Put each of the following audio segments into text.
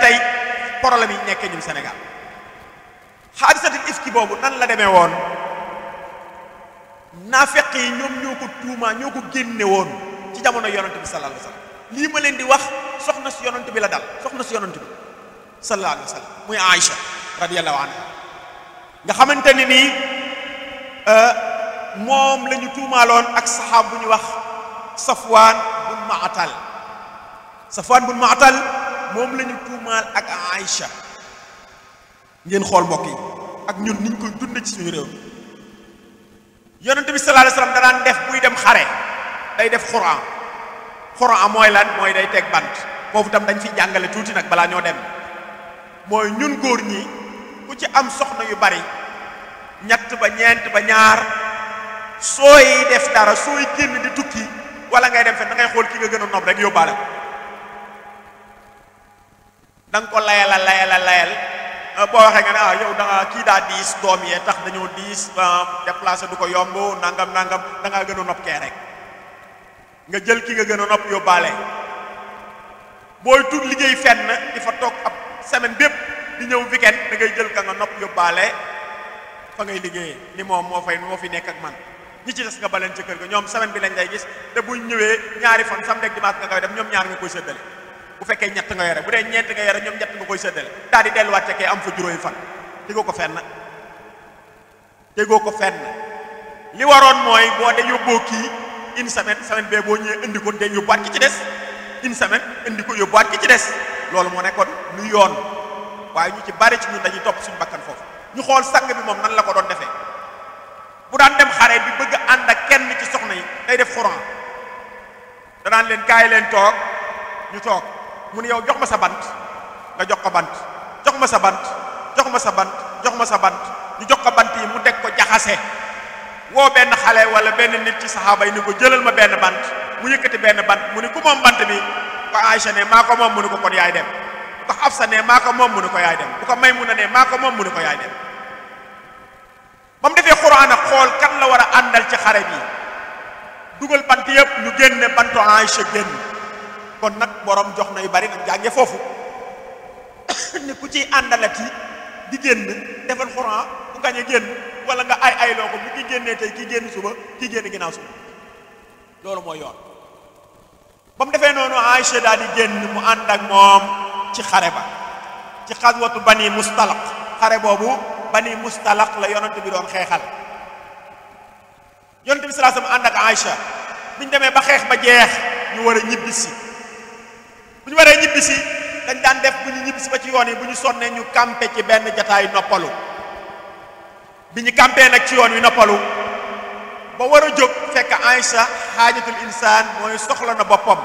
réel tey problème yi nekkee ñun Sénégal xaadisatul ifki boobu nan la demee woon naafeq yi ñoom ñoo ko tuuma ñoo ko génne woon ci jamono yonent bi sallallahu alayhi wa sallam lii ma leen di wax soxna si yonent bi la dal soxna si yonent bi sallallahu alayhi wa sallam muy Aïcha nga xamante ni nii euh, moom lañu ñu tuumaaloon ak saxaab bu ñu wax Safwaan bun Maatal Safwaan bun Maatal moom lañu ñu tuumaal ak Aïcha ngeen xool mbokk ak ñun niñ koy dund ci suñu réew yonent bi sallallahu alayhi danaan def buy dem xare day def xuraan xuraan mooy lan mooy day teg bant foofu tam dañ fiy jàngale tuuti nag balaa ñoo dem mooy ñun góor ñi ku ci am soxna yu bari ñett ba ñeent ba ñaar sooy def dara sooy génn di tukki wala ngay dem fenn da ngay xool ki nga gën a nopp rek yóbbaale danga nga ko layala layala layal euh, boo waxee nga ne ah yow da nga kii daa diis doom yee tax dañoo diis euh, déplacé du ko yomb nangam nangam da ngaa gën a nopp kee rek nga jël ki nga gën a nopp yóbbaale booy tur liggéey fenn di fa toog ab semaine bépp di ñëw weekend da ngay jël ka nga nopp yóbbaale fa ngay liggéeyee ni moom moo fay moo fi nekk ak man ñi ci des nga baleen ci kër ga ñoom semaine bi lañ lay gis te buñ ñëwee ñaari fan samedi ak dimanche nga koy ñoom ñaar nga koy séddale bu fekkee ñett nga yore bu dee ñeent nga yore ñoom ñett nga koy séddale daal di delluwaat ca kee am fa juróomi fan tegoo ko fenn tegoo ko fenn li waroon mooy boo de yóbboo kii une semaine semaine bee boo ñëwee indi ko te yóbbuwaat ki ci des une semaine indi ko yóbbuwaat ki ci des loolu moo nekkoon lu yoon waaye ñu ci bari ci ñun dañuy topp suñu bakkan foofu ñu xool sang bi moom man la ko doon defee bu daan dem xare bi bëgg ànd ak kenn ci soxna yi day danaan leen kaay leen toog ñu toog. mu ne yow jox ma sa bant nga jox ko bant jox ma sa bant jox ma sa bant jox ma sa bant ñu jox ko bant yi mu teg ko jaxase woo benn xale wala benn nit ci saxaaba yi ni ko jëlal ma benn bant mu yëkkati benn bant mu ni ku moom bant bi ko Aïcha ne maa ko moom mu ni ko kon yaay dem bu ko Hafsa ne maa ko moom mu ni ko yaay dem bu ko Maymuna ne maa ko moom mu ni ko yaay dem ba mu defee xuraan ak xool kan la war a àndal ci xare bi dugal bant yëpp ñu génne bantu Aïcha génn kon nag boroom jox na yu bari nag jànge foofu ne ku ciy àndalati di génn defal xuraan bu gañe génn wala nga ay ay loo ko bu ki génnee tey ki génn suba ki génn ginnaaw suba loolu mooy yoon ba mu defee noonu Aïcha di génn mu ànd ak moom ci xare ba ci xaswatu bani mustalaq xare boobu bani mustalaq la yonent bi doon xeexal yonent bi sallallahu alayhi wasallam ànd ak Aïcha biñ demee ba xeex ba jeex ñu war a ñibbisi bu ñu waree ñibbi si dañ daan def bu ñu ñibbi si ba ci yoon yi bu ñu sonnee ñu campé ci benn jataay noppalu bi ñu campé nag ci yoon wi noppalu ba war a jóg fekk Aïcha xaajatul insaan mooy soxla na boppam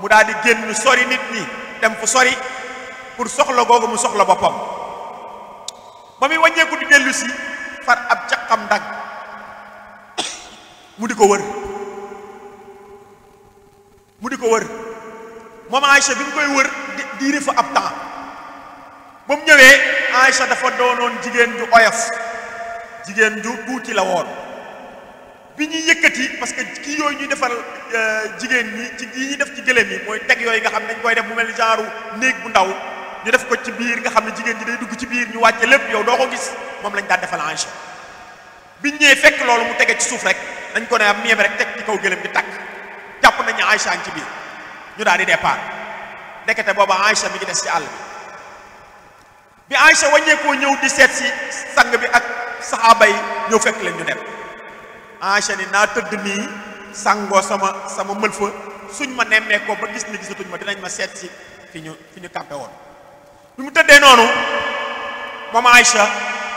mu daldi di génn sori nit ñi dem fu sori pour soxla googu mu soxla boppam ba muy wàññeeku di dellu si far ab caqam ndag mu di ko wër mu di ko wër moom Aïcha bi mu koy wër diiri fa ab temps ba mu ñëwee Aïcha dafa doonoon jigéen ju oyof jigéen ju ci la woon bi ñuy yëkkati parce que kii yooyu ñuy defal euh, jigéen ñi ci yi ñuy def ci gëléem yi mooy teg yooyu nga xam ne dañ koy def mu mel ni genre néeg bu ndaw ñu def ko ci biir nga xam ne jigéen ñi day dugg ci biir ñu wàcce lépp yow doo ko gis moom lañ daan defal Aïcha biñ ñëwee fekk loolu mu tege ci suuf rek dañ ko ne am miim rek teg ci kaw gëléem bi takk jàpp nañu Aïcha ci ñu daal di départ ndekete booba Aïcha mi ngi des ci àll bi bi Aïcha ñëw di seet si sang bi ak saxaaba yi ñëw fekk leen ñu dem Aïcha ni naa tëdd nii sangoo sama sama mël fa suñ ma nemmee ko ba gis ni gisatuñ ma dinañ ma seet si fi ñu fi ñu campé woon bi mu tëddee noonu moom Aïcha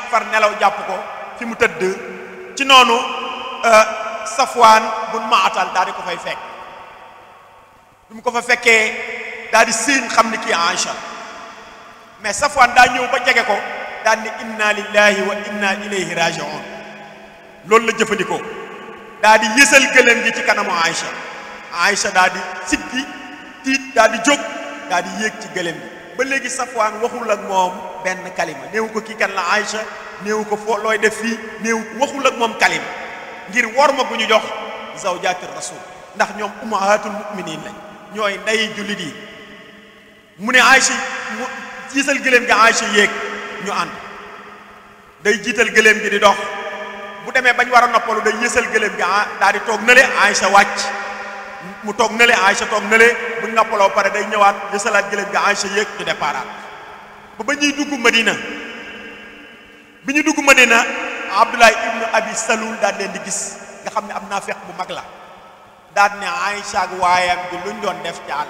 far nelaw jàpp ko fi mu tëdd ci noonu euh, Safwaan bun Maatal daal di ko fay fekk bi mu ko fa fekkee daal di xam ni kii Aïcha mais Safwaan daa ñëw ba jege ko daal ni inna lillahi wa inna ilayhi raji'un loolu la jëfandikoo daal di yësal gëléem gi ci kanamu Aïcha Aïcha daal di siggi tiit daal jóg daal yéeg ci gëléem gi ba léegi Safwaan waxul ak moom benn kalima néewu ko kii kan la Aïcha néewu ko foo looy def fii néewu waxul ak moom kalima ngir worma gu ñu jox zawjaati rasul ndax ñoom ummahatul mu'minin lañ ñooy nday jullit yi mu ne Aysa mu jiital gëléem gi Aysa yéeg ñu ànd day jiital gëléem gi di dox bu demee bañ war a noppalu day yéesal gëléem gi ah daal di toog nële Aysa wàcc toog nële Aysa toog nële buñ pare day ñëwaat yéesalaat gëléem gi Aysa yéeg ñu déparaat ba ba ñuy dugg Madina bi ñu dugg Madina Abdullah ibnu Abi Salul daal leen di gis nga xam ne am naa feq bu mag la daal ne Aïcha ak waayam bi luñ doon def ci àll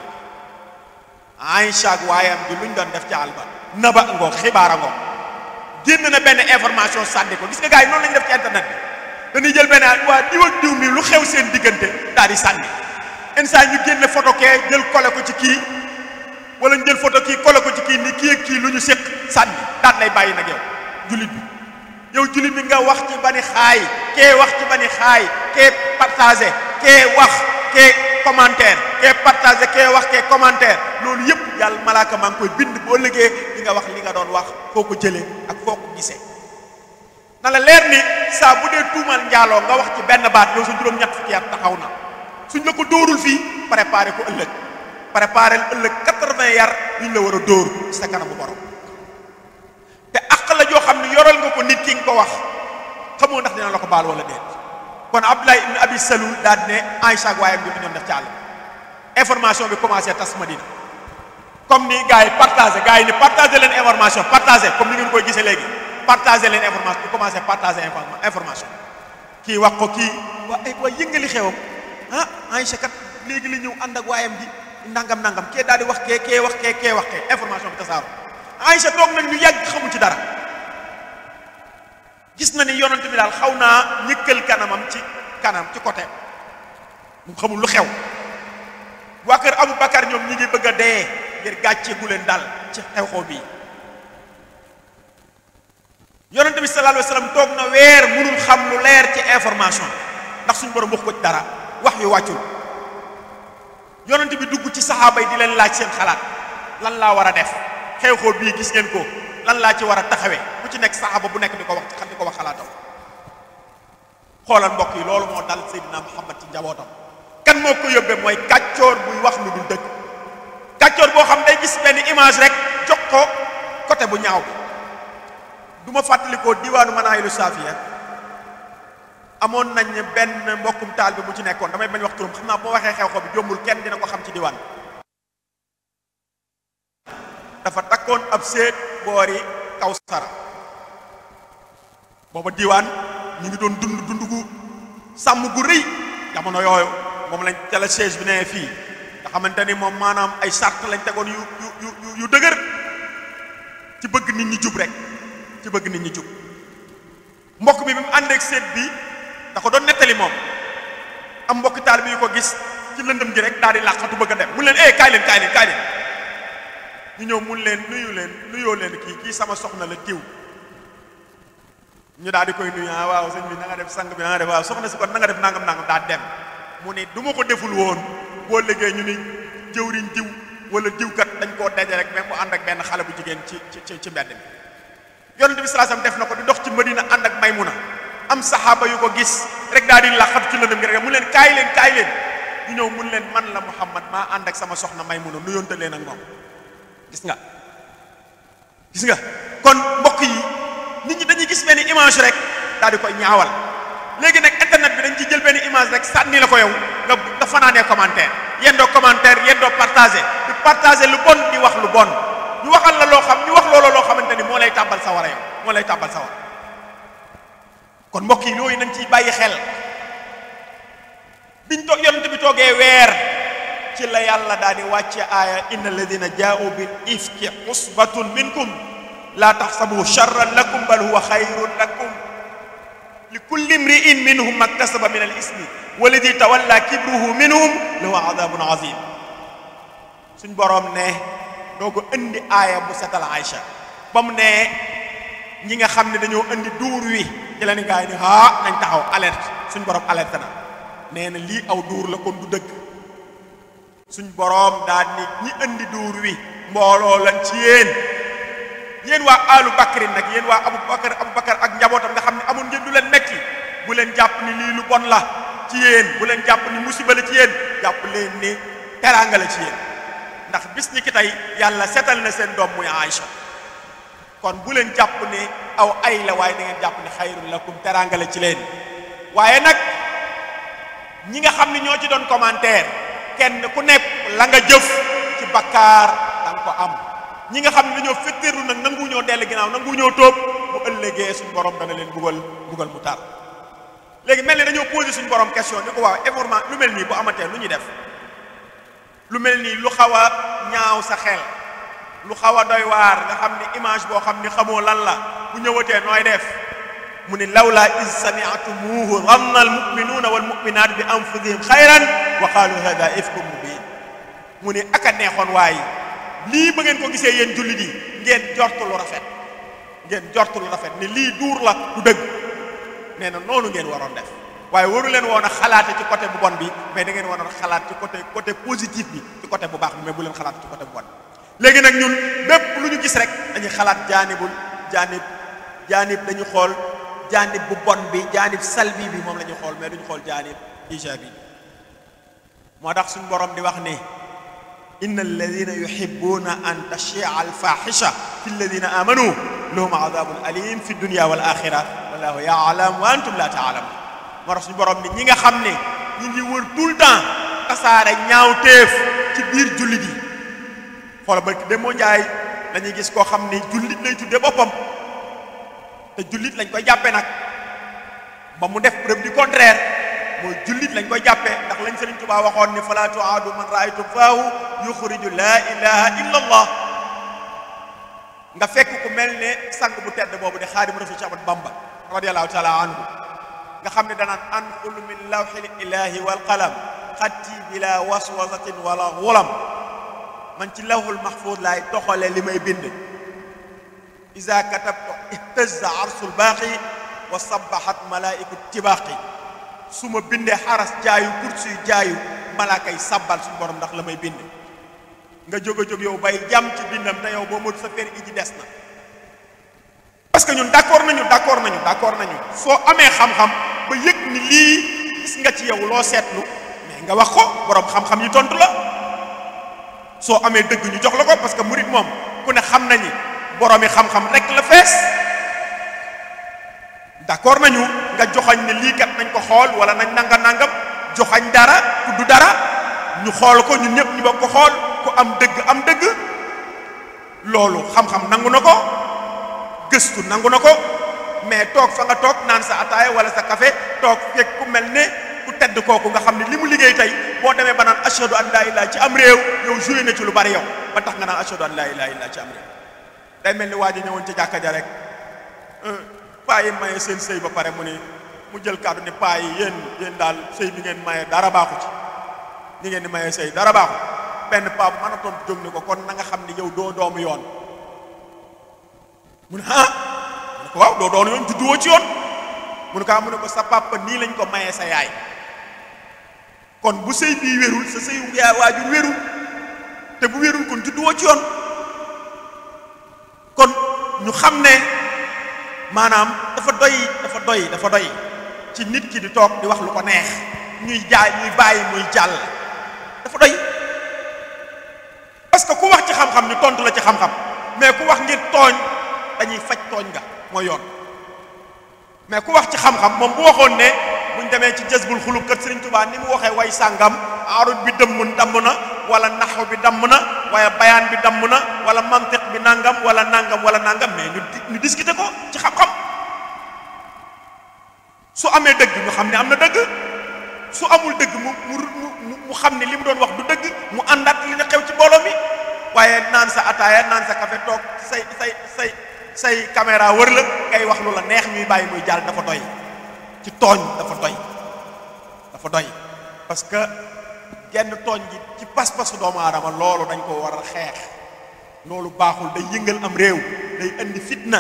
Aïcha ak waayam bi luñ doon def ci àll ba naba ngoog xibaara ngoog génn na benn information sànni ko gis nga gars yi noonu lañu def ci internet bi dañuy jël benn waa diw ak diw mi lu xew seen diggante daal di sànni instant ñu génn photo kee jël collé ko ci kii wala ñu jël photo kii collé ko ci kii ni kii ak kii lu ñu séq sànni daal lay bàyyi nag yow jullit bi yow jullit bi nga wax ci bani xaay kee wax ci bani xaay kee partagé kee wax kee commentaire kee partagé kee wax kee commentaire loolu yëpp yàlla malaaka maa ngi koy bind boo liggéey li nga wax li nga doon wax foo ko jëlee ak foo ko gisee na la leer ni saa bu dee tuumal njaaloo nga wax ci benn baat yow sa juróom-ñett fukki at taxaw na suñ la ko dóorul fii préparé ko ëllëg préparé ëllëg quatre-vingts yar ñu la war a dóor sa kanamu borom te àq la joo xam ne yoral nga ko nit ki nga ko wax xamoo ndax dina la ko baal wala déet kon Abdullah ibn Abi Salul daal ne Aïcha ak waayam bi ñoom def ci àll information bi commencé tas Madina comme ni gars yi partagé gars yi ni partagé leen information partagé comme ni ngeen koy gisee léegi partagé leen information commencé partagé information kii wax ko kii waa ay eh, waa yëngali xewam ah Aïcha kat léegi la ñëw ànd ak waayam di nangam nangam kee daal di wax kee kee wax kee kee wax information bi tasaaroo Aïcha toog nañ lu yàgg xamu ci dara gis na ni yonent bi daal xaw naa ñëkkal kanamam ci kanam ci côté mu xamul lu xew waa kër Abu Bakar ñoom ñi ngi bëgg a dee ngir gàcce gu leen daal ci xew-xew bii yonent bi sallallahu alayhi wasallam toog na weer mënul xam lu leer ci information ndax suñu borom wax ko dara wax yu wàccul yonent bi dugg ci saxaaba yi di leen laaj seen xalaat lan laa war a def xew-xew bii gis ngeen ko lan laa ci war a taxawee bu ci nekk saxaaba bu nekk di ko wax xam di ko wax xalaatam xoolal mbokk yi loolu moo dal Seydina Muhammad ci njabootam kan moo ko yóbbee mooy kàccoor buy wax lu dul dëgg kàccoor boo xam day gis benn image rek jox ko côté bu ñaaw bi diwaanu ma naa diwaanu Manaahilu Saafiya amoon nañ benn mbokkum taal bi mu ci nekkoon damay bañ wax turam xam naa bu ma waxee xew-xew bi jombul kenn dina ko xam ci diwaan dafa takkoon ab séet boori Kawsara booba diwaan ñu ngi doon dund dund gu sàmm gu rëy jamono yooyu moom lañ ca chaise siège bi nee fii nga xamante ni moom maanaam ay sart lañ tegoon yu yu yu yu dëgër ci bëgg nit ñi jub rek ci bëgg nit ñi jub mbokk mi bi mu ànd ak bi dafa doon nettali moom am mbokk taal bi yu ko gis ci lëndëm ji rek daal di làqatu bëgg a dem mu leen eh kaay leen kaay du ñëw mun leen nuyu leen nuyoo leen kii kii sama soxna la tiw ñu daal di koy nuyu ah waaw sëñ bi na nga def sang bi na nga def waaw soxna si na nga def nangam dem mu ne du ma ko deful woon boo liggéey ñu ni jëwriñ diw wala diwkat dañ koo daje rek même mu ànd ak benn xale bu jigéen ci ci ci mbedd mi yonent bi salaasam def na ko di dox ci Madina ànd ak Maymuna am saxaaba yu ko gis rek daal di laxat ci lëndëm gi rek mu leen kaay leen kaay leen ñu ñëw mun leen man la Muhammad maa ànd ak sama soxna Maymuna nuyoonte leen ak moom gis nga gis nga kon mbokk yi nit ñi dañuy gis benn image rek daal di koy ñaawal léegi nag internet bi dañ ci jël benn image rek sànni la ko yow nga nga fanaanee commentaire yéen doo commentaire yéen doo partagé di lu bon di wax lu bon ñu waxal la loo xam ñu wax loola loo xamante ni moo lay tàbbal sawara yow moo lay tàbbal sawara kon mbokk yi looyu nañ ciy bàyyi xel biñ toog yonent bi toogee weer ci la yàlla daal di wàcce aaya inna alladina jaa'u bil ifki usbatun minkum laa taxsabu charran lakum bal huwa xayrun lakum li kulli imri'in minhum maktasaba min al ismi waladi tawalla kibruhu minhum lahu adabun azim suñ boroom ne doo ko indi aaya bu setal Aïcha ba mu ne ñi nga xam ne dañoo indi duur wi ci la ni gaa yi ni haa nañ taxaw alerte suñ borom alerte na nee na lii aw duur la kon du dëgg suñ boroom daal ni ñi indi duur wi mbooloo lañ ci yéen yéen waa alu bakari nag yéen waa abu bakar abu bakar ak njabootam nga xam ne amul ngeen du leen nekki bu leen jàpp ni lii lu bon la ci yéen bu leen jàpp ni musiba la ci yéen jàpp leen ni teraanga la ci yéen ndax bis ñi ki tey yàlla setal na seen doom muy Aïcha kon bu leen jàpp ni aw ay la waaye da jàpp ni xayrun lakum teraanga la ci leen waaye nag ñi nga xam ne ñoo ci doon commentaire kenn ku nekk la nga jëf ci bakkaar da ko am ñi nga xam ne dañoo fetteerlu nag nangu ñoo dell ginnaaw nangu ñoo toog bu ëllëgee suñu borom dana leen buggal buggal mu tar léegi mel ni dañoo posé suñu borom question ni ko waaw événement lu mel nii bu amatee lu ñuy def lu mel nii lu xaw a ñaaw sa xel lu xaw a doy waar nga xam ni image boo xam ni xamoo lan la bu ñëwatee nooy def mu ni lawlaa iz sami'tumuuhu dhanna al mu'minuuna wal mu'minaat bi anfusihim wa qaalu hada ifkum bi mu ne aka neexoon waaye lii ba ngeen ko gisee yéen jullit yi ngeen jortu lu rafet ngeen jortu rafet ne lii duur la du dëgg nee na noonu ngeen waroon def waaye waru leen woon a xalaate ci côté bu bon bi mais da ngeen waroon xalaat ci côté côté positif bi ci bu baax bi bu leen xalaat ci côté bu bon bi léegi nag ñun bépp lu ñu gis rek dañuy xalaat jaanibul jaanib jaanib dañu xool jaanib bu bon bi jaanib salbi bi moom la ñu xool mais duñu xool jaanib ijaabi bi moo tax suñ borom di wax ne inna alladina yuhibbuna an tashia alfaxisha fi alladina amanu lahum adabun alim fi dunia wal axira wallahu yaalam wa antum la taalamun moo tax borom ne ñi nga xam ne ñi ngi wër tout le temps tasaare ñaaw téef ci biir julli gi xoola barki demoo jaay dañuy gis koo xam ne jullit lay tuddee boppam te jullit lañ koy jàppe nag ba mu def preuve du contraire mooy jullit lañ koy jàppee ndax lañ Sëriñ Tuubaa waxoon ne fala tuaadu man raaytum faahu yuxriju laa ilaha illa allah nga fekk ku mel ne sang bu tedd boobu de xaadimu rasul ci Ahmadu Bamba radiallahu taala anhu nga xam ne danaan anqul min lawxil ilahi walqalam xatti bila waswasatin wala xulam man ci lawxul mahfuus laay toxale li may bind isa katabtu ihtaza arsul baaqi wa sabaxat malaaiku tibaaqi su ma bindee xaras jaayu kursi jaayu malaakay sàbbal suñu borom ndax la may bind nga jóg jóg yow bay jàmm ci bindam te yow boo matu sa fer gi ji des na parce que ñun d'accord nañu d'accord nañu d'accord nañu soo amee xam-xam ba yëg ni lii gis nga ci yow loo seetlu mais nga wax ko borom xam-xam yi tontu la soo amee dëgg ñu jox la ko parce que murit moom ku ne xam nañi boroomi xam-xam rek la fees d'accord nañu nga joxañ ne lii kat nañ ko xool wala nañ nanga nangam joxañ dara du dara ñu xool ko ñun ñëpp ñu bokk ko xool ku am dëgg am dëgg loolu xam-xam nangu na ko gëstu nangu na ko mais toog fa nga toog naan sa ataaya wala sa kafe toog fekk ku mel ne ku tedd kooku nga xam ne li mu liggéey tey boo demee ba naan ashhadu an laa ci am réew yow joué ci lu bari yow ba tax nga naan ashhadu an laa ilaaha ci am réew day mel ni waa ji ñëwoon ca jàkka ja rek paa yi maye seen sëy ba pare mu ne mu jël kàddu ne paa yi yéen yéen daal sëy bi ngeen maye dara baaxu ci ñi ngeen di maye sëy dara baaxu benn paa bu a tontu jóg ni ko kon na xam ne yow doo doomu yoon mu ne ah mu ko waaw doo doomu yoon judduwoo ci yoon mu ne ko ah mu ne ko sa papa nii lañ ko maye sa yaay kon bu sëy bii wérul sa sëy waajur wérul te bu wérul kon judduwoo ci yoon kon ñu xam ne maanaam dafa doy dafa doy dafa doy ci nit ki di toog di wax lu ko neex ñuy jaay ñuy bàyyi muy jàll dafa doy parce que ku wax ci xam-xam ñu tontu la ci xam-xam mais ku wax ngir tooñ dañuy faj tooñ nga mooy yoon mais ku wax ci xam-xam moom bu waxoon ne buñ demee ci jësbul xulub kat Sëriñ Tuubaa ni mu waxee way sàngam arut bi dëmm damm na wala naxu bi damm na waaye bayaan bi damm na wala mantiq bi nangam wala nangam wala nangam mais ñu ñu discuter ko ci xam-xam su amee dëgg ñu xam ne am na dëgg su amul dëgg mu mu mu xam ne li mu doon wax du dëgg mu àndaat li na xew ci mbooloo mi waaye naan sa ataaya naan sa café toog say say say say caméra wër la ngay wax lu la neex ñuy bàyyi muy jàll dafa doy ci tooñ dafa doy dafa doy parce genn tooñ gi ci pas-pasu doomu aadama loolu dañ ko war a xeex loolu baaxul day yëngal am réew day indi fitna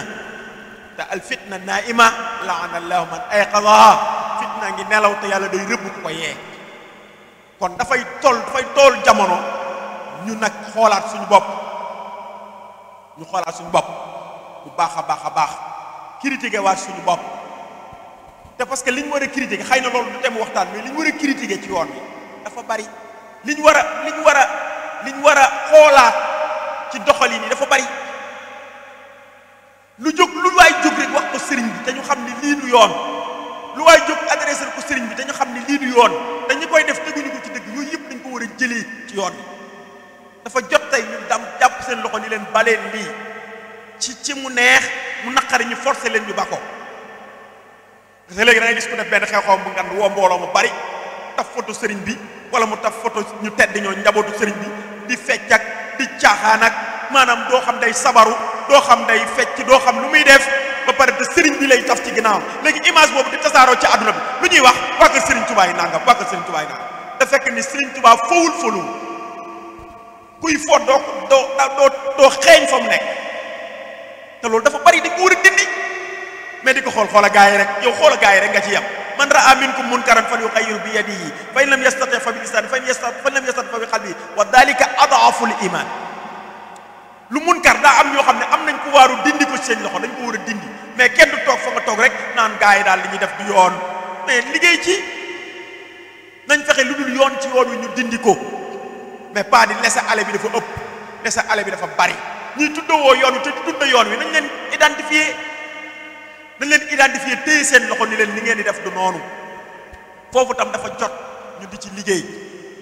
te al fitna naa'ima laana allahu man ayqadaha fitna ngi nelaw te yàlla day rëbb ko yee kon dafay toll dafay tool jamono ñu nag xoolaat suñu bopp ñu xoolaat suñu bopp bu baax a baax a baax critiqué waat suñu bopp te parce que li ñu war a critiqué xëy na loolu du tem waxtaan mais li ñu war a critiqué ci yoon bi dafa bari liñ war a liñ war a liñ war a xoolaat ci doxalin yi dafa bari lu jóg lu waay jóg rek wax ko sëriñ bi te ñu xam ne lii du yoon lu waay jóg adressé ko sëriñ bi te ñu xam ne lii du yoon te koy def teguñu ko ci dëgg yooyu yëpp dañ ko war a jëlee ci yoon dafa jot tey ñu dam jàpp seen loxo ni leen baleen lii ci ci mu neex mu naqari ñu forcé leen ñu ba ko te léegi da ngay gis ku def benn xew xew bu ngan woo mbooloo mu bari taf photo sëriñ bi wala mu taf photo ñu tedd ñoo njabootu sëriñ bi di fecc ak di caaxaan ak maanaam doo xam day sabaru doo xam day fecc doo xam lu muy def ba pare te sëriñ bi lay taf ci ginnaaw léegi image boobu di tasaaroo ci àdduna bi lu ñuy wax waa kër sëriñ Tuubaa yi nangam waa kër sëriñ Tuubaa yi nangam te fekk ni sëriñ Tuubaa fowul folu kuy fo doo doo doo doo xeeñ fa mu nekk te loolu dafa bari dañ ko war a dindi mais di ko xool xoola gaa yi rek yow xoola gaa yi rek ci yem man raa minkum munkaran falyughayyiru bi yadihi fa in lam yastati fa bi lisani fa in lam yastati fa bi qalbi wa dalika ad'afu l iman lu munkar daa am ñoo xam ne am nañ ko waaru dindi ko seen loxo dañ ko war a dindi mais kenn du toog fa nga toog rek naan gars yi daal li ñuy def du yoon mais liggéey ci nañ fexe lu dul yoon ci yoon wi ñu dindi ko mais pas di laisser aller bi dafa ëpp laisser aller bi dafa bari ñuy tuddawoo yoon wi te dunda yoon wi nañ leen dañ leen identifié téye seen loxo ni leen li ngeen di def du noonu foofu tam dafa jot ñu di ci liggéey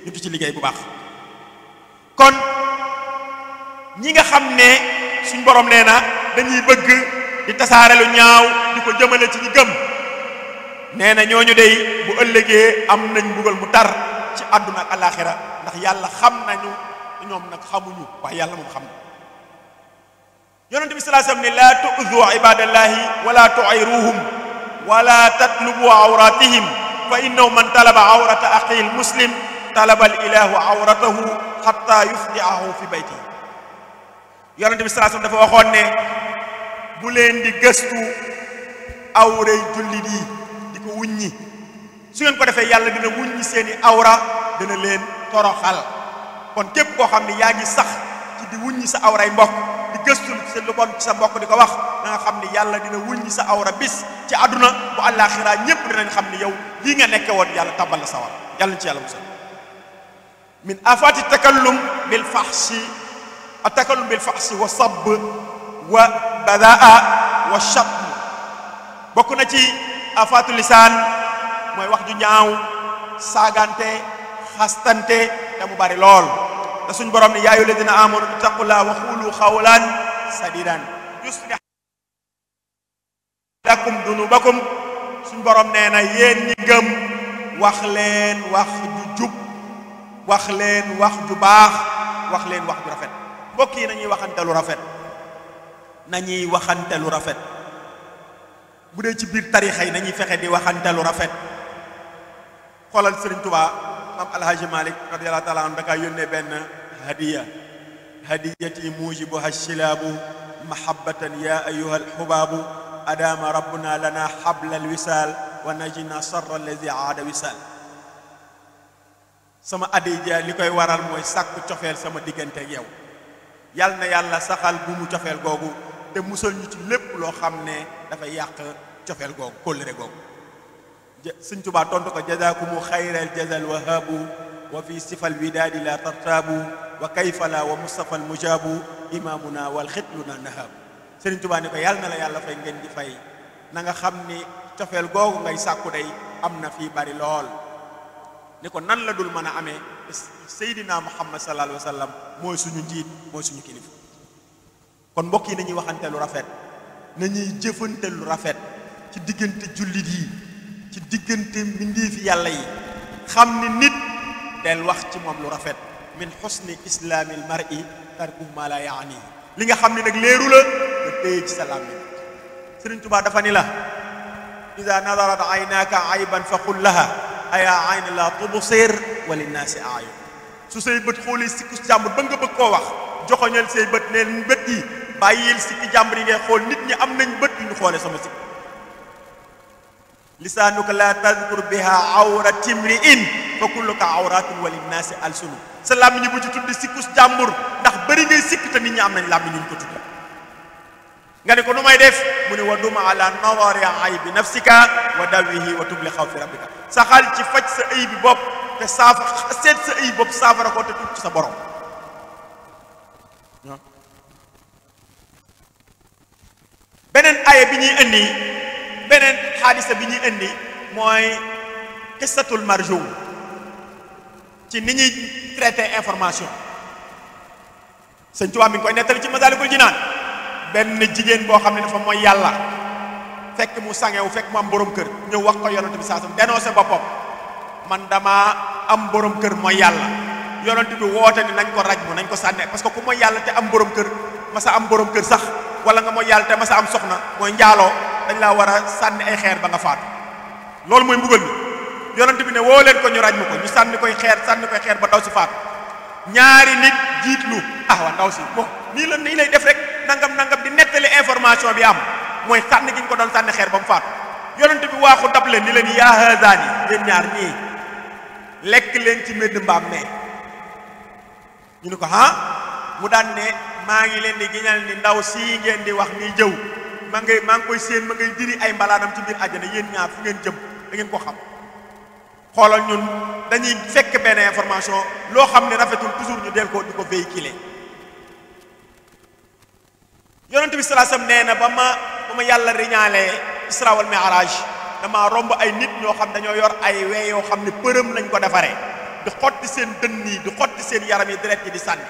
ñu ci liggéey bu baax kon ñi nga xam ne suñ borom nee na dañuy bëgg di tasaare lu ñaaw di ko jëmale ci ñi gëm nee na ñooñu dey bu ëllëgee am nañ mbugal mu tar ci àdduna ak alaaxira ndax yàlla xam nañu ñoom nag xamuñu waaye yàlla moom xam na yonente bi salaa sallam ne laa tu'zu ibadallahi wala tu'iruhum wala tatlubu awratihim fa innahu man talaba awrata axi lmuslim talaba alilaahu awratahu xatta yuftiahu fi baytihi yonente bi salaa sallam dafa waxoon ne bu leen di gëstu awray jullit yi di ko wuññi su ngeen ko defee yàlla dina wuññi seeni awra dina leen toroxal kon képp koo xam ne yaa ngi sax ci di wuññi sa awray mbokk gëstu ci lu bon sa mbokk di ko wax da nga xam ni yàlla dina wuññi sa awra bis ci àdduna bu àllaaxira ñépp dinañ xam ni yow lii nga nekke woon yàlla tabal la sawar yàlla ci yàlla musal min afati takallum bil fahshi wa sabb wa badaa wa shatm bokk na ci afatu lisaan mooy wax ju ñaaw saagante xastante te bari lool te suñ borom ne yaa ayyuha alladina amanu ittaqullaha wa qulu qawlan sadidan yuslih lakum dunubakum suñ borom nee na yéen ñi gëm wax leen wax ju jub wax leen wax ju baax wax leen wax ju rafet mbokk yi nañuy waxante lu rafet nañuy waxante lu rafet bu dee ci biir tarixa yi nañuy fexe di waxante lu rafet xoolal Serigne Touba maam Alhaji Malick radiyallahu taala anhu da yónnee benn هدية هديتي موجبها الشلاب محبة يا أيها الحباب أدام ربنا لنا حبل الوصال ونجنا شر الذي عاد وصال sama adija li koy waral mooy sàkku cofeel sama diggante ak yal na yàlla saxal bu mu cofeel googu te musal ñu lépp loo xam ne dafay yàq cofeel googu kóllëre googu sëñ Tuubaa ko jazaakumu xayral jazal wahaabu wa fi sifal widaadi la tartaabu wa kayfa la wa Mustafa al mujaabu imaamuna wal xitlu na nahaabu Sëriñ Tuubaa ne yàlla na la yàlla fay ngeen di fay nanga xam ni cofeel googu ngay sàkku day am na fi bari lool ni ko nan la dul mën a amee Seydina Muhammad sallallahu alayhi wa sallam mooy suñu njiit mooy suñu kilifa kon mbokk yi nañuy waxante lu rafet nañuy jëfante lu rafet ci diggante jullit yi ci diggante mbindéefi yàlla yi xam ni nit del wax ci moom lu rafet min xusni islaamil mar'i tarku ma la yaani li nga xam ne nag léeru la nga téye ci sa làmmiñ Sëriñ Tuubaa dafa ni la ida nadarat aynaaka ayban fa qul laha aya ayn la tubsir wa linnaasi aayun su say bët xoolee sikku jàmbur ba nga bëgg koo wax joxoñal say bët ne liñ bët yi bàyyil sikki jàmbur yi ngay xool nit ñi am nañ bët yu ñu xoolee sama sikk lisaanuka la tadkur biha awra timri in fa kulluka awratun wa linnaasi alsunu sa làmmiñ bu ci tudd sikkus jàmbur ndax bëri ngay sikk te ñi am nañ làmmiñ ñu ko tudd nga ne ko nu may def mu ne wa duma ala nawari aybi nafsika wa dawihi wa tubli xaw fi rabbika sa xal ci faj sa ay bi bop te saafa seet sa ay bopp saafara ko te tudd ci sa borom beneen aaya bi ñuy indi beneen xaadisa bi ñuy indi mooy qissatul marjum ci ni ñuy traité information sëñ Tuubaa mi ngi koy nettali ci Masaalikul Jinaan benn jigéen boo xam ne dafa mooy yàlla fekk mu sangewu fekk mu am borom kër ñëw wax ko yonent bi saa sam dénoncé boppam man damaa am borom kër mooy yàlla yonent bi woote ni nañ ko raj mu nañ ko sànne parce que ku mooy yàlla te am borom kër ma sa am borom kër sax wala nga mooy yàlla te ma sa am soxna mooy njaaloo dañ laa war a sànni ay xeer ba nga faatu loolu mooy mbugal mi yonent bi ne woo leen ko ñu ràññ ko ñu sànni koy xeer sànni koy xeer ba ndaw si faatu ñaari nit jiitlu ah waa ndaw si bon nii la nii lay def rek nangam nangam di nettali information bi am mooy sànni gi ñu ko doon sànni xeer ba mu faatu yonent bi waaxu dab leen ni leen yaa hazaani yéen ñaar ñii lekk leen ci mbedd mbaam mee ñu ni ko ah mu daan ne maa ngi leen di giñal di ndaw sii ngeen di wax nii jëw ma ngay maa ngi koy séen ma ngay diri ay mbalaanam ci biir àjjana yéen ñaar fu ngeen jëm da ngeen ko xoolal ñun dañuy fekk benn information loo xam ne rafetul toujours ñu del ko di ko véhiculer kile bi sallallahu alayhi nee na ba ma ba ma yàlla riñaalee isra wal mi'raj damaa romb ay nit ñoo xam dañoo yor ay wee yoo xam ne përëm nañ ko defaree di xotti seen dënn yi di xotti seen yaram yi deret yi di sànni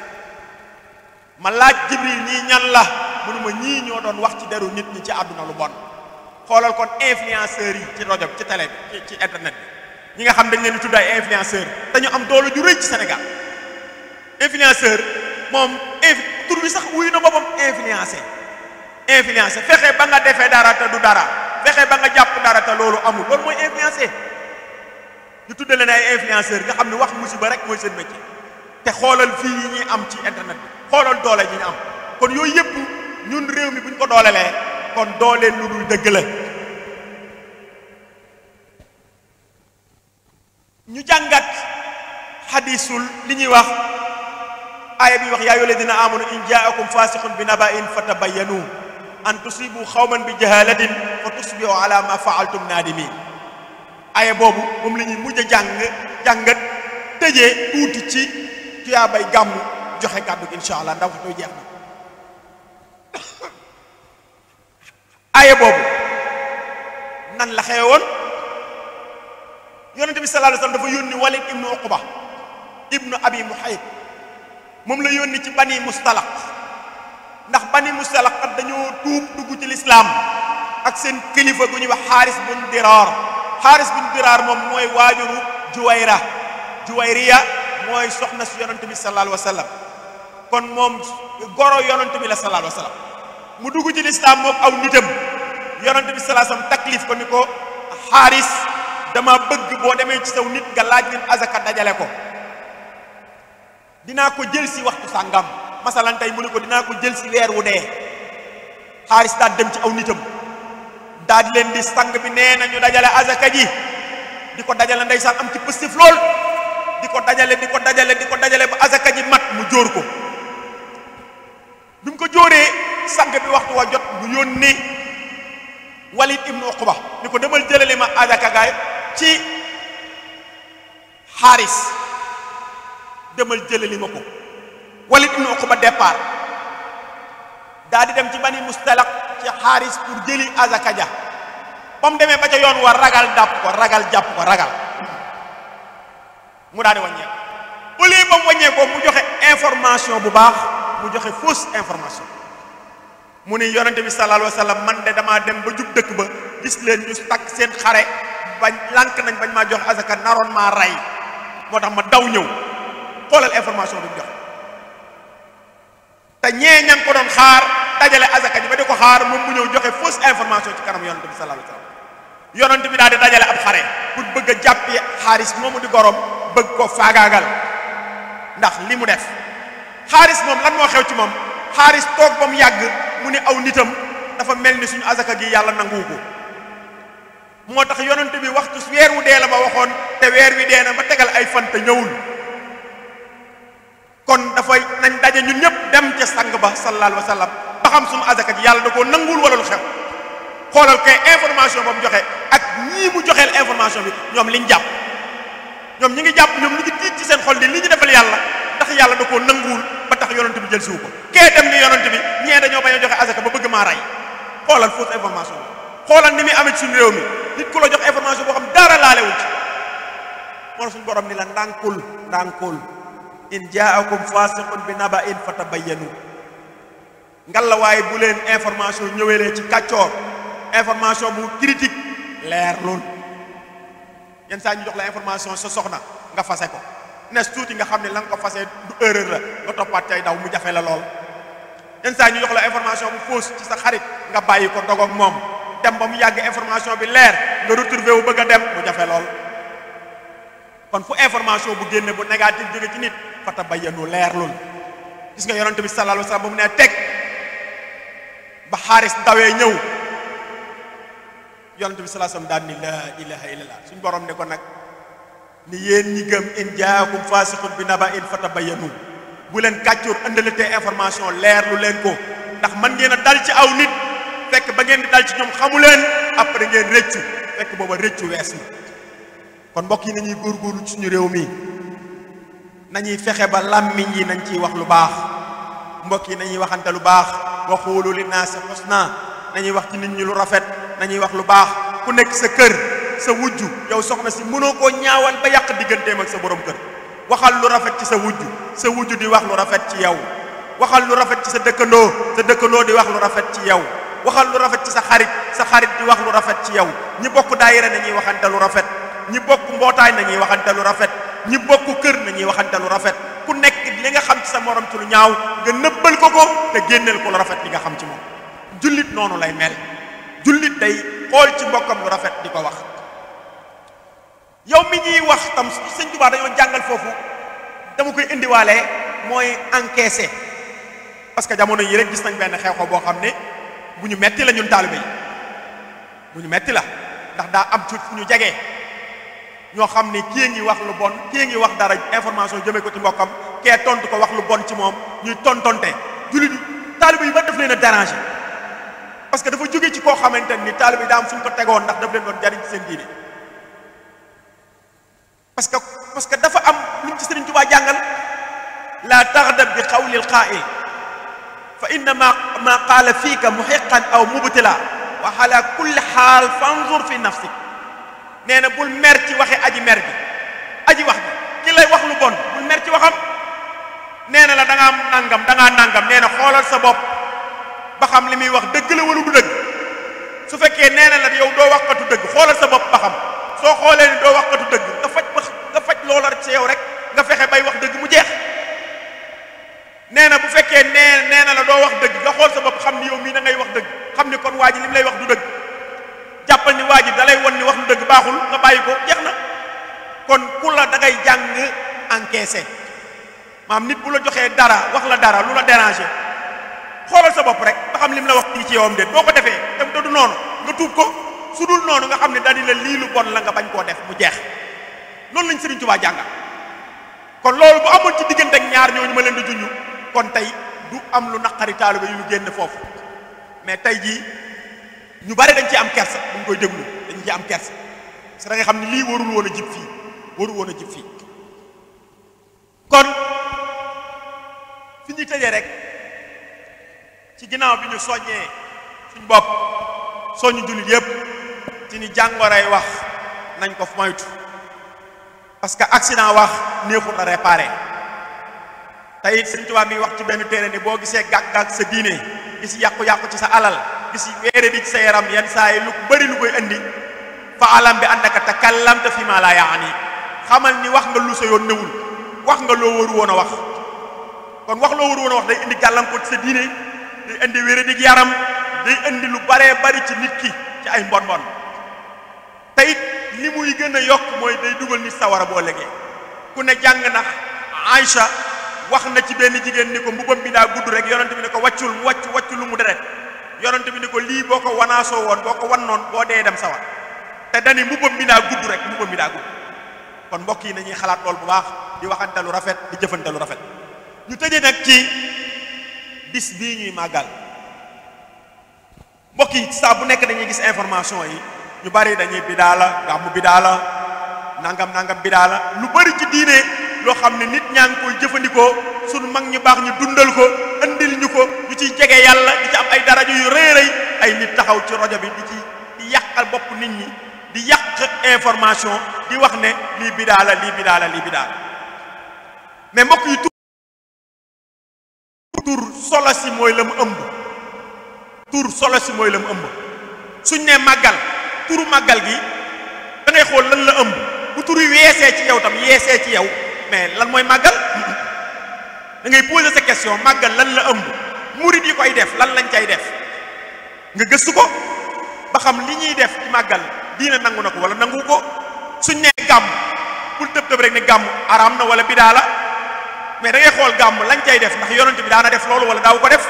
ma laaj jibril ñii ñan la mënuma ñii ñoo doon wax ci deru nit ñi ci àdduna lu bon xoolal kon influenceurs yi ci rajo ci télé ci internet ñi nga xam dañ leen di tudd ay influenceur dañu am doole ju rëy ci Sénégal influenceur moom inf tur bi sax wuyu na boppam influencé influencé fexe ba nga defe dara te du dara fexe ba nga jàpp dara te loolu amul loolu mooy influencé ñu tuddee leen ay influenceur nga xam ne wax musiba rek mooy seen métier te xoolal fii yi ñuy am ci internet xoolal doole ji ñu am kon yooyu yëpp ñun réew mi bu ñu ko doolelee kon dooleel lu dul dëgg la. ñu jàngat xadisul li ñuy wax aaya bi wax yaa ayyuha alladina amanu in jaakum fasiqun bi naba'in fatabayyanu an tusibu xawman bi jahalatin fa tusbihu ala ma faaltum jàng jàngat tëjee tuuti ci tuyaabay gàmm joxe kàddu gi incha allah ndax waxtu jeex na aaya boobu nan la xewoon yonente bi sallallahu alayhi wasallam dafa yónni walid ibnu uqba moom la yónni ci bani mustalaq ndax bani mustalaq kat dañoo tuub dugg ci lislaam ak seen kilifa gu ñuy wax xaaris buñ diraar xaaris buñ diraar moom mooy waajuru juwayra juwayriya mooy soxna si yonente bi sallallahu alayhi wasallam kon moom goro yonente bi la sallallahu alayhi wasallam mu dugg ci lislaam moom aw nitam yonente bi sallallahu alayhi wasallam taklif ko ni ko xaaris dama bëgg boo demee ci sew nit nga laaj leen azaka dajale ko dinaa ko jël si waxtu sàngam masalan tey mu ne ko dinaa ko jël si weer wu dee xaalis daal dem ci aw nitam daal di leen di sang bi nee na dajale azaka ji di ko dajale sax am ci pëstif lool di ko dajale di ko dajale di ko dajale ba azaka ji mat mu jóor ko bi mu ko jóoree sang bi waxtu wa jot mu yónni Walid ibnu Uqba ni ko demal jëlale ma azaka gaay ci xaaris demal jëlali ma ko Walid ibn Uqba départ daa di dem ci bani mustalak ci xaaris pour jëli azaka ja ba mu demee ba ca yoon war ragal dàpp ko ragal jàpp ko ragal mu daal di wàññeeku au ba mu wàññeekoo mu joxe information bu baax mu joxe fausse information mu ne yonente bi sallallahu man de damaa dem ba jub dëkk ba gis leen ñu takk seen xare bañ lànk nañ bañ maa jox asaka naroon maa rey moo tax ma daw ñëw xoolal information bi mu te ñee ña ngi ko doon xaar dajale asaka ji ba di ko xaar moom mu ñëw joxe fausse information ci kanam yonent bi sallallahu alayhi wasallam yonent bi daal di dajale ab xare pour bëgg a jàppi xaaris moomu di gorom bëgg ko faagaagal ndax li mu def xaaris moom lan moo xew ci moom xaaris toog ba mu yàgg mu ne aw nitam dafa mel ni suñu asaka gi yàlla nanguwu ko moo tax yonent bi waxtu weer wu dee la ma waxoon te weer wi dee na ba tegal ay fan te ñëwul kon dafay nañ daje ñun ñëpp dem ca sang ba sallallahu alayhi wa sallam ba xam suñu azaka ji yàlla da koo nanguwul wala lu xew xoolal kay information ba mu joxe ak ñii mu joxeel information bi ñoom liñ jàpp ñoom ñi ngi jàpp ñoom ñi ngi tiit ci seen xol di li ñu defal yàlla ndax yàlla da koo nanguwul ba tax yonent bi jël siwu ko kee dem ni yonent bi ñee dañoo bañ a joxe azaka ba bëgg maa rey xoolal fausse information xoolal ni muy amee ci suñu mi nit ku la jox information boo xam dara laalewul ci moo suñu borom ni la ndànkul ndànkul in jaakum fasiqun bi naba in waaye bu leen information ñëwelee ci kàccoor information bu critique leer lool yenn saa ñu jox la information sa soxna nga fase ko nes tuuti nga xam ne la nga ko fase du erreur la nga toppaat cay daw mu jafe la lool yenn saa ñu jox la information bu fausse ci sa xarit nga bàyyi ko dogoog moom dem ba mu yàgg information bi leer nga retrouvé wu bëgg a dem mu jafe lool kon fu information bu génne bu négatif jóge ci nit fata bayyanu leer lul gis nga yonent bi sallallahu alayhi ba mu nee teg ba xaaris dawee ñëw yonent bi sallallahu alayhi wasallam daan ni laa ilaha illallah suñ borom ne ko nag ni yéen ñi gëm in jaakum fasiqun bi naba in fata bayyanu bu leen kàccoor ëndalatee information leer lu leen ko ndax man ngeen a dal ci aw nit fekk ba ngeen di dal ci ñoom xamu leen après ngeen rëccu fekk booba rëccu wees na kon mbokk yi nañuy góorgóorlu ci suñu réew mi nañuy fexe ba làmmiñ yi nañ ciy wax lu baax mbokk yi nañuy waxante lu baax waxuulu li naa sa xusna nañuy wax ci nit ñi lu rafet nañuy wax lu baax ku nekk sa kër sa wujju yow soxna si mënoo koo ñaawal ba yàq digganteem ak sa boroom kër waxal lu rafet ci sa wujju sa wujju di wax lu rafet ci yow waxal lu rafet ci sa dëkkandoo dëkkandoo di wax lu rafet ci yow waxal lu rafet ci sa xarit sa xarit di wax lu rafet ci yow ñi bokk daayira nañuy waxante lu rafet ñi bokk mbootaay nañuy waxante lu rafet ñi bokk kër nañuy waxante lu rafet ku nekk li nga xam ci sa morom ci lu ñaaw nga nëbbal ko ko te génneel ko lu rafet li nga xam ci moom jullit noonu lay mel jullit day xool ci mbokkam lu rafet di ko wax yow mi ñuy wax tam sëñ Tuubaa dañoo jàngal foofu dama koy indiwaale mooy encaisser parce que jamono yi rek gis nañ benn xew xew boo xam ne bu ñu metti la ñun taalibe yi bu ñu metti la ndax daa am ci fu ñu jege ñoo xam ne kii ngi wax lu bon kii ngi wax dara information jëmee ko ci mbokkam kee tontu ko wax lu bon ci moom ñuy tontonte jullit taalibe yi ba daf leen a dérangé parce que dafa jóge ci koo xamante ni taalibe yi daa am fu ko tegoon ndax daf leen doon jariñ seen diine parce que parce que dafa am lu ci Sëriñ Tuubaa jàngal la taxdab bi xawlil xaa il fa inna ma ma qaala fiika muhiqan aw mubtila wa ala kulli xaal fanzur fi nafsik nee na bul mer ci waxe aji mer bi aji wax bi ki lay wax lu bon bul mer ci waxam nee na la da ngaa nangam da ngaa nangam na xoolal sa bopp ba xam li muy wax dëgg la wala du dëgg su fekkee nee na la yow doo waxkatu dëgg xoolal sa bopp ba xam soo xoolee ni doo waxkatu dëgg nga faj nga faj loola ci yow rek nga fexe bay wax dëgg mu jeex nee na bu fekkee nee nee na la doo wax dëgg nga xool sa bopp xam ni yow mii da wax dëgg xam ni kon waa ji li mu lay wax du dëgg jàppal ni waa ji da lay won ni wax du dëgg baaxul nga bàyyi ko jeex na kon ku la da ngay jàng encaissé maam nit bu la joxee dara wax la dara lu la dérangé xoolal sa bopp rek nga li mu la wax kii ci yowam de boo ko defee dem te du noonu nga tuub ko su dul noonu nga xam ne dani la lii lu bon la nga bañ koo def mu jeex loolu lañ Sëriñ Tuubaa jàngal kon loolu bu amoon ci diggante ak ñaar ma leen di junj kon tey du am lu naqari taalibe yi lu génn foofu mais tey jii ñu bari dañ ci am kersa bu ñu koy déglu dañ ci am kersa sa da nga xam ne lii warul woon a jib fii warul woon a jib fii kon fi ñu tëjee rek ci ginnaaw bi ñu soññee suñ bopp soññu jullit yépp ci ni jàngoroy wax nañ ko moytu parce que accident wax néexul a réparer tey sëñ Tuubaa mi wax ci benn téere ni boo gisee gàkk-gàkk sa diine gis yàqu-yàqu ci sa alal gis weere sa yaram yenn saa yi lu bari lu koy indi fa alam bi annaka takallamta fi ma laa yaani xamal ni wax nga lu sa yoon newul wax nga loo waru woon a wax kon wax loo waru woon a wax day indi gàllankoor ci sa diine day indi wéere yaram day indi lu baree bari ci nit ki ci ay mbon mbon tey li muy gën a yokk mooy day dugal nit sawara boo légee ku ne jàng na Aïcha wax na ci benn jigéen ni ko mbubam bi daa gudd rek yonent bi ne ko waccul mu wàcc wàccu lu mu deret yonent bi ni ko lii boo ko wanaasoo woon boo ko wannoon boo dee dem sawar te dani mbubam bi daa gudd rek mbubam bi daa gudd kon mbokk yi nañuy xalaat lool bu baax di waxante lu rafet di jëfante lu rafet ñu tëje nag ci bis bii ñuy màggal mbokk yi saa bu nekk dañuy gis information yi ñu bari dañuy bidaa la gàmmu bidaa la nangam nangam bidaa la loo xam ne nit ñaa ngi koy jëfandikoo sunu mag ñu baax ñu dundal ko indil ñu ko ñu ciy jege yàlla di ci am ay daraja yu rëy rëy ay nit taxaw ci rajo bi di ci di yàqal bopp nit ñi di yàq information di wax ne lii bidaa la lii bidaa la lii bidaa la mais mbokk yi tur solo si mooy la mu ëmb tur solo si mooy la mu ëmb suñ ne màggal turu màggal gi da ngay xool lan la ëmb bu turi yeesee ci yow tam yeesee ci yow mais lan mooy màggal da ngay poser sa question màggal lan la ëmb murid yi koy def lan lañ cay def nga gëstu ko ba xam li ñuy def ci màggal diina nangu na ko wala nangu ko suñ ne gàmm bul tëb tëb rek ne gàmm araam na wala bidaa la mais da ngay xool gàmm lañ cay def ndax yonent bi daana def loolu wala daaw ko def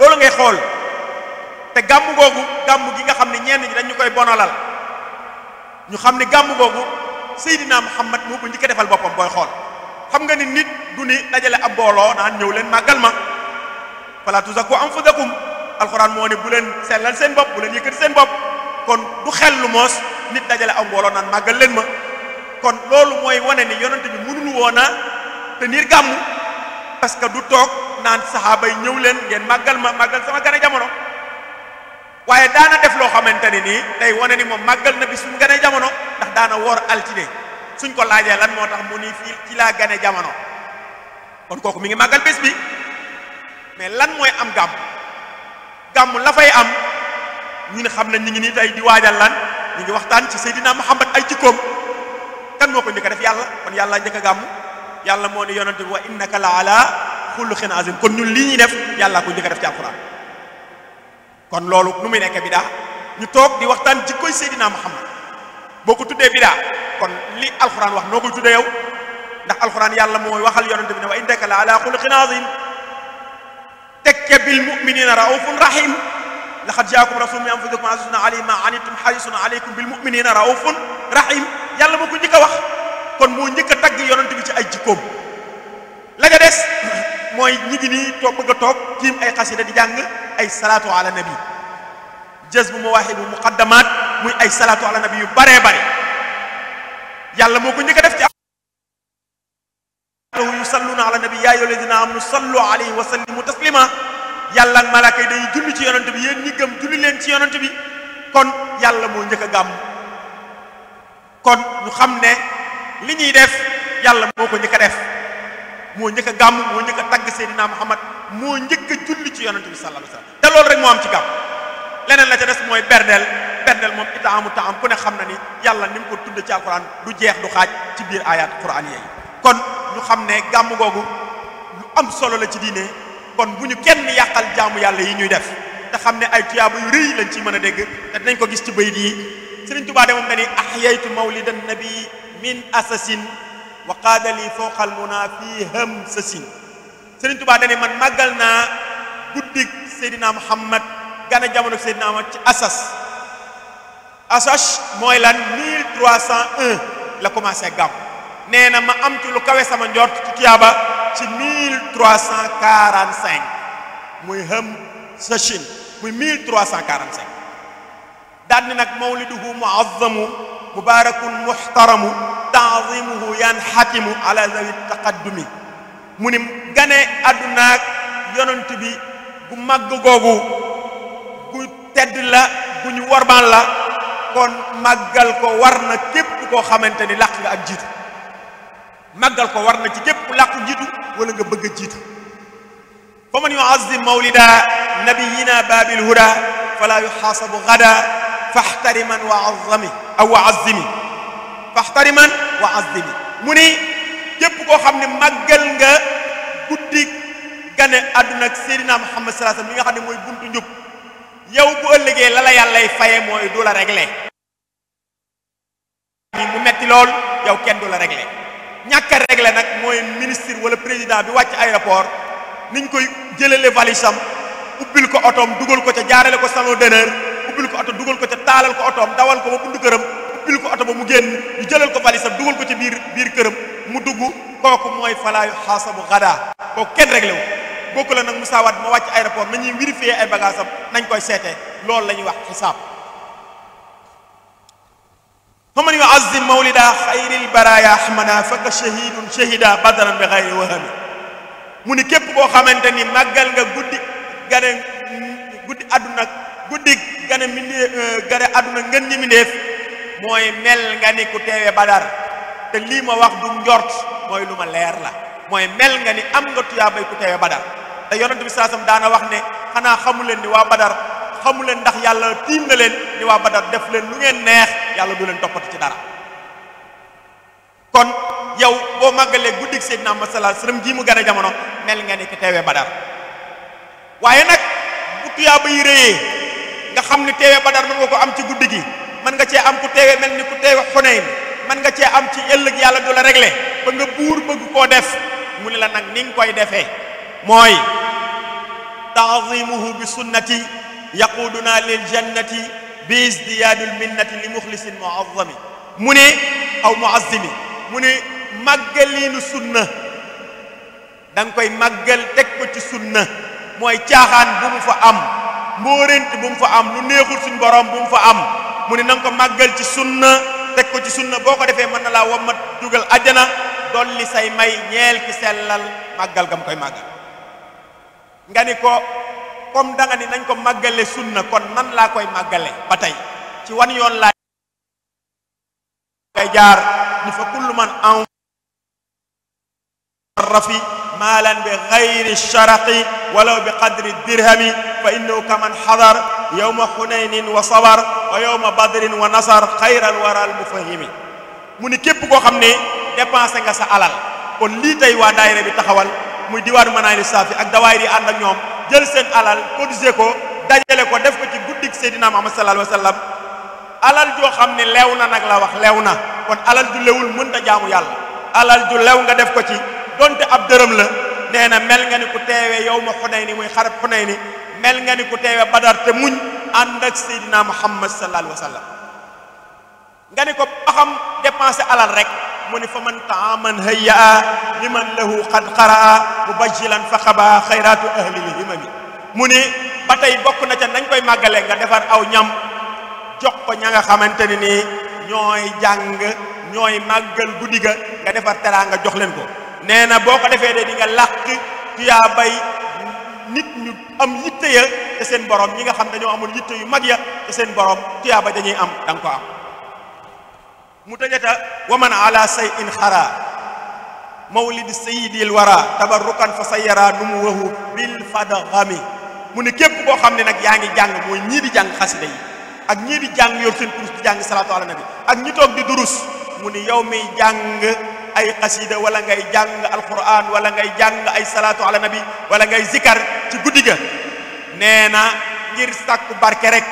loolu ngay xool te gàmm googu gàmm gi nga xam ne ñenn ñi dañu koy bonalal ñu xam ne gàmm googu Seydina Muhammad moo ko njëkk a defal boppam booy xool xam nga ni nit du ni dajale ab mbooloo naan ñëw leen màggal ma fala tuzakku anfusakum alxuraan moo ne bu leen sellal seen bopp bu leen yëkkati seen bopp kon du xel lu moos nit dajale ab mbooloo naan màggal leen ma kon loolu mooy wane ni yonent bi mënul woon a tenir gàmmu parce que du toog naan saxaaba yi ñëw leen ngeen màggal ma màggal sama gane jamono waaye daana def loo xamante ni nii tey wane ni moom màggal na bi mu ganee jamono ndax daana woor altine suñ ko laajee lan moo tax mu ni fii ci laa gane jamono kon kooku mi ngi màggal bés bi mais lan mooy am gàmm gàmm la fay am ñu ñun xam nañ ñu ngi nii tey di waajal lan ñu ngi waxtaan ci Seydina Muhammad ay jikkoom kan moo ko njëkk a def yàlla kon yàlla njëkk a gàmm yàlla moo ne yonante bi wa innaka la ala xuluqin azim kon ñun lii ñuy def yàllaa ko njëkk def ci kon loolu nu muy nekk bidaa ñu toog di waxtaan jikkoy Seydina Muhammad boo ko tuddee bidaa kon li alxuraan wax noo koy tuddee yow ndax alxuraan yàlla mooy wax yonente bi ne wa innaka la ala xuluqin azim tekke bil muminina raufun rahim laqad jaakum rasul min anfusikum azizun alayhi ma anittum harisun alaykum bil muminina raufun rahim yàlla moo ko njëkk a wax kon moo njëkk a tagg yonente bi ci ay jikkoom la des mooy ñi ngi nii toog bëgg toog tiim ay xasida di jàng ay salaatu ala nabi jës bu mawaahibu muqaddamaat muy ay salaatu ala nabi yu baree bare yàlla moo ko njëkk a def ci alahu yusalluuna ala nabi yaa ayyuha alladina amanu sallu alayhi wa sallimu taslima yàlla ak malaaka yi dañuy julli ci yonent bi yéen ñi gëm leen ci yonent bi kon yàlla moo njëkk a gàmm kon ñu xam ne li ñuy def yàlla moo ko njëkk def moo njëkk gàmm moo njëkk a tagg Seydina Muhammad moo njëkk a julli ci yonente bi sallallahu alayhi wasallam te loolu rek moo am ci gàmm leneen la ca des mooy berndeel berndeel moom itaamu taam ku ne xam na ni yàlla ni mu ko tudd ci alquran du jeex du xaaj ci biir ayat quran yooyu kon ñu xam ne gàmm googu lu am solo la ci diine kon bu ñu kenn yàqal jaamu yàlla yi ñuy def te xam ne ay tuyaaba yu rëy lañ ci mën a dégg te dinañ ko gis ci bayit yi Sëriñ Tuubaa de moom dani ahyaytu mawlidan nabi min asasin wa qaada lii fawqa almuna fii hëm sa sin sëriñ man màggal naa guddik seydina muhammad gana jamono seydina muhammad ci asas asas mooy lan la commencé gàmm nee na ma am ci lu kawe sama njort ci tuyaaba ci 1345 muy hëm sa sin muy 1345 daal ni nag mawliduhu muazzamu mubaarakun muhtaramu taazimuhu yanxatimu ala zawi taqaddumi mu ni gane àddunaak yonent bi gu màgg googu gu tedd la gu ñu warmaan la kon màggal ko war na képp koo xamante ni làq nga ak jiitu màggal ko war na ci képp làqu jiitu wala nga bëgg a jiitu fa man yuazim mawlida nabiyina babil huda fala yuxaasabu gada faxtariman wa azami wa azimi faxtariman wa azdimi mu ni képp koo xam ne màggal nga guddi gane àdduna ak seydina muhammad sallallahu alayhi wasallam li nga xam ne mooy buntu njub yow bu ëllëgee la la yàllay faye mooy du la réglé mu metti lool yow kenn du la réglé ñàkk a réglé nag mooy ministre wala président bi wàcc aéroport niñ koy jëlale valise am ubbil ko otoom dugal ko ca jaarale ko salon d'honneur ubbil ko oto dugal ko ca taalal ko otoom dawal ko ba buntu këram ubbil ko mu génn ñu jëlal ko valisam dugal ko ci biir biir këram mu dugg kooku mooy falaayu xaasabu gada kooku kenn réglé wu bokku la nag musaawaat ma wàcc aéroport na ñuy vérifier ay bagaasam nañ koy seetee loolu lañuy wax xisaab fa man yuazim mawlida xayril baraya ahmana faka shahidun shahida badaran bi xayri wahami mu ni képp boo xamante ni màggal nga guddi gane guddi mooy mel nga ni ku teewe badar te lii ma wax du njort mooy lu ma leer la mooy mel nga ni am nga tuyaabay ku teewe badar te yonent bi saasam daana wax ne xanaa xamu leen ni waa badar xamu leen ndax yàlla tiim na leen ni waa badar def leen lu ngeen neex yàlla du leen toppati ci dara kon yow boo màggalee guddik Seydina Muhammad sallallahu alayhi wasallam ji mu gën a jamono mel nga ni ki teewee badar waaye nag bu tuyaaba yi réyee nga xam ni teewee badar mën nga ko am ci guddi gi mën nga cee am ku teewe mel ni ku teewe xuneyn mën nga cee am ci ëllëg yàlla du la réglé ba nga buur bëgg koo def mu ne la nag ni koy defee mooy taazimuhu bi sunnati yaquuduna lil jannati bi isdiyaadul minnati li muxlisin muazzami mu ne aw muazzimi mu ne màggaliinu sunna da nga koy màggal teg ko ci sunna mooy caaxaan bu mu fa am mbóorént bu mu fa am lu neexul suñ borom bu mu fa am mu ne nañ ko màggal ci sunna teg ko ci sunna boo ko defee mën na laa wommat dugal ajjana dolli say may ñeel ki sellal màggal gam koy màggal nga ni ko comme da ni nañ ko màggale sunna kon nan laa koy màggale ba tey ci wan yoon laa kay jaar ni fa kullu man en rafi maalan bi xayri sharaqi walaw bi qadri dirhami fa innahu kaman xadar yawma xunaynin wa sabar wa yawma badrin wa nasar xayral waral mufahimi mu ni képp koo xam ne dépensé nga sa alal kon lii tey waa daayira bi taxawal muy diwaanu manaayil saafi ak dawaayir yi ànd ak ñoom jël seen alal cotisé ko dajale ko def ko ci guddik Seydina Muhammad sallallahu alayhi wa sallam alal joo xam ne leew na nag la wax leew na kon alal ju lewul mënta jaamu yàlla alal ju lew nga def ko ci donte ab dërëm la nee na mel nga ni ku teewee yow ma xunay ni muy xar mel nga ni ku teewe badar te muñ ànd ak seydina muhammad sallallahu wa sallam nga ni ko baxam dépensé alal rek mu ni fa man taaman hayyaa liman lahu qad qaraa mubajjilan fa xabaa xayraatu ahlil himami mu ni ba tey bokk na ca nañ koy màggale nga defar aw ñam jox ko ña nga xamante ne ni ñooy jàng ñooy màggal guddi ga nga defar nga jox leen ko nee na boo ko defee de di làq tuyaa nit ñu am yitte ya te seen borom ñi nga xam dañoo amul yitte yu mag ya te seen borom tuyaaba dañuy am da nga ko am mu tëjata waman ala say in xara mawlid sayidil wara tabarrukan fa sayara numuwahu bil fadgami mu ne képp koo xam ne nag yaa ngi jàng mooy ñii di jàng xasida yi ak ñii di jàng yor seen kurus di jàng salaatu ala nabi ak ñi toog di durus mu ne yow miy jàng ay xasida wala ngay jàng ngay jàng ay salaatu ala nabi wala ngay zikar ci guddi ga nee na ngir sàkku barke rek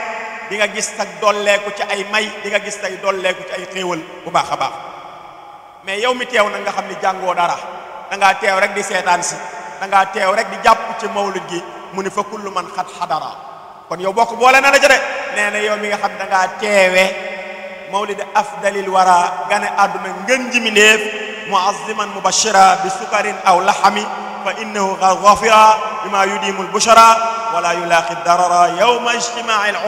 di nga gis tak dolleeku ci ay may di nga gis tay dolleeku ci ay xéewal bu baax a baax mais yow mi teew na nga xam ni jàngoo dara da ngaa teew rek di seetaan si da ngaa teew rek di jàpp ci mawlid gi mu ni fa kullu man xat xadara kon yow bokk boole na la ca de nee na mi nga xam ne da ngaa teewee mawlid afdalil wara gane àdduna ngën ji muazziman mubashira bi sukarin aw laxami fa innahu qad ghafira bima yudimul bushara wala yulaaqi darara yawma ijtimaai al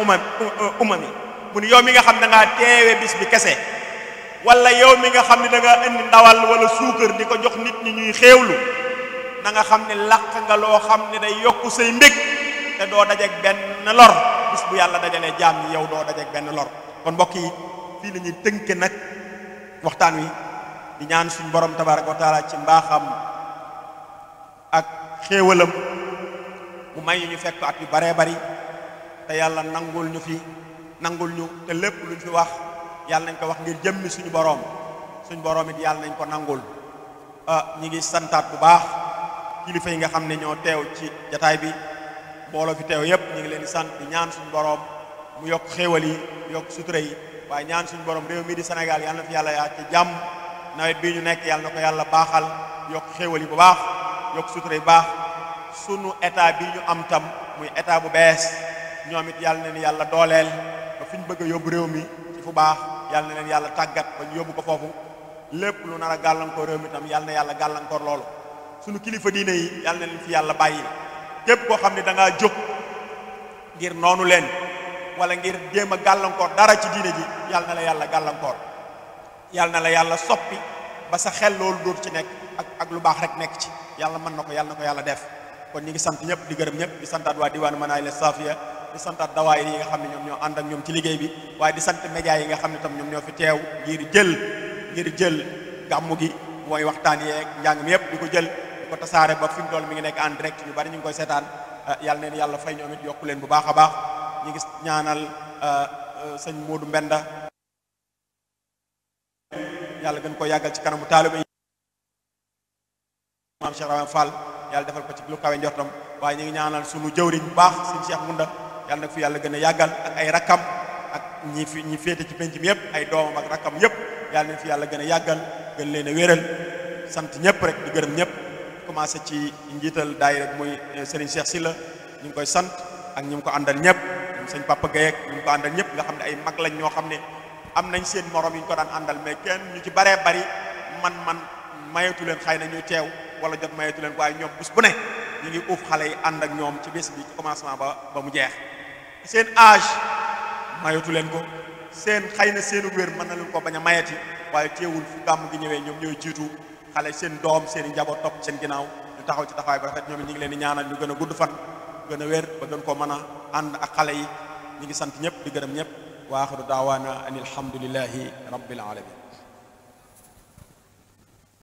umami mu ni yow mi nga xam da ngaa teewe bis bi kese wala yow mi nga xam ne da ngaa indi ndawal wala suukar di ko jox nit ñi ñuy xéewlu na nga xam ne làq nga loo xam ne day yokku say mbég te doo dajeg benn lor bis bu yàlla dajalee jaam yi yow doo dajeg benn lor kon mbokk yi fii la ñuy tënke nag waxtaan wi di ñaan suñu borom tabaaraka wa taala ci mbaaxam ak xéewalam mu may ñu fekk at yu baree bari te yàlla nangul ñu fi nangul ñu te lépp luñ fi wax yàlla nañ ko wax ngir jëmmi suñu boroom suñu borom it yàlla nañ ko nangul ah ñi ngi santaat bu baax kilifa yi nga xam ne ñoo teew ci jataay bi mbooloo fi teew yépp ñu ngi leen di sant di ñaan suñu borom mu yokk xéewal yi yokk sutura yi waaye ñaan suñu borom réew mi di Sénégal yàlla na fi yàlla yaa ci jàmm nawet bii ñu nekk yàlla na ko yàlla baaxal yokk xéewal yi bu baax yokk sutura yi bu baax sunu état bi ñu am tam muy état bu bees ñoom it yàlla na leen yàlla dooleel ba fi ñu bëgg a yóbbu réew mi ci fu baax yàlla na leen yàlla tàggat ba ñu ko foofu lépp lu nar a gàllankoor réew mi na yàlla gàllankoor loolu sunu kilifa diine yi yàlla na leen fi yàlla bàyyi képp koo xam ne danga ngaa jóg ngir noonu leen wala ngir jéem a gàllankoor dara ci diine ji yàlla na la yàlla gàllankoor yàlla na la yàlla soppi ba sa xel loolu dootu ci nekk ak ak lu baax rek nekk ci yàlla mën na ko yàlla na ko yàlla def kon ñu ngi sant ñëpp di gërëm ñëpp di santaat waa diwaan Manahil Safia di santaat dawaay yi nga xam ne ñoom ñoo ànd ak ñoom ci liggéey bi waaye di sant média yi nga xam ne tam ñoom ñoo fi teew ngir jël ngir jël gàmmu gi mooy waxtaan yeeg njàng mi yëpp di ko jël di ko tasaare ba fi mu toll mi ngi nekk en direct ñu bari ñu ngi koy seetaan ah, yàlla neen yàlla fay ñoom it leen bu baax a baax ñi ngi ñaanal ah, ah, sëñ Modou Mbenda yàlla gën ko yàggal ci kanamu taalibe yi maam Cheikh Rahane Fall yàlla defal ko ci lu kawe njortam waaye ñu ngi ñaanal sunu jëwriñ bu baax suñu Cheikh Munda yàlla nag fi yàlla gën a yàggal ak ay rakkam ak ñi fi ñi féete ci penc mi yëpp ay doomam ak rakkam yëpp yàlla fi yàlla gën a yàggal gën leen a wéral sant ñëpp rek di gërëm ñëpp commencé ci njiital daayira rek muy eh, Serigne si la ñu ngi koy sant ak ñu mu ko àndal ñëpp ñoom sëñ Papa Guèye ak ñi mu ko àndal ñëpp nga xam ne ay mag lañ ñoo xam ne am nañ seen moroom yi ñu ko daan àndal mais kenn ñu ci baree bari man man mayetu leen xëy na ñu teew wala jot mayetu leen waaye ñoom bés bu ne ñu ngi uuf xale yi ànd ak ñoom ci bés bi commencement ba ba mu jeex seen âge mayetu leen ko seen xëy na seenu wér mën na ko bañ a mayeti waaye teewul fu gi ñëwee ñoom ñooy jiitu xale seen doom seen i njaboot topp seen ginnaaw ñu taxaw ci taxawaay bu rafet ñoom ñu ngi leen di ñaanal ñu gën a gudd fan gën a wér ba gën koo mën a ànd ak xale yi ñu ngi sant ñëpp di gërëm ñëpp wa axiru daawaana an alhamdulilahi rabbil alamin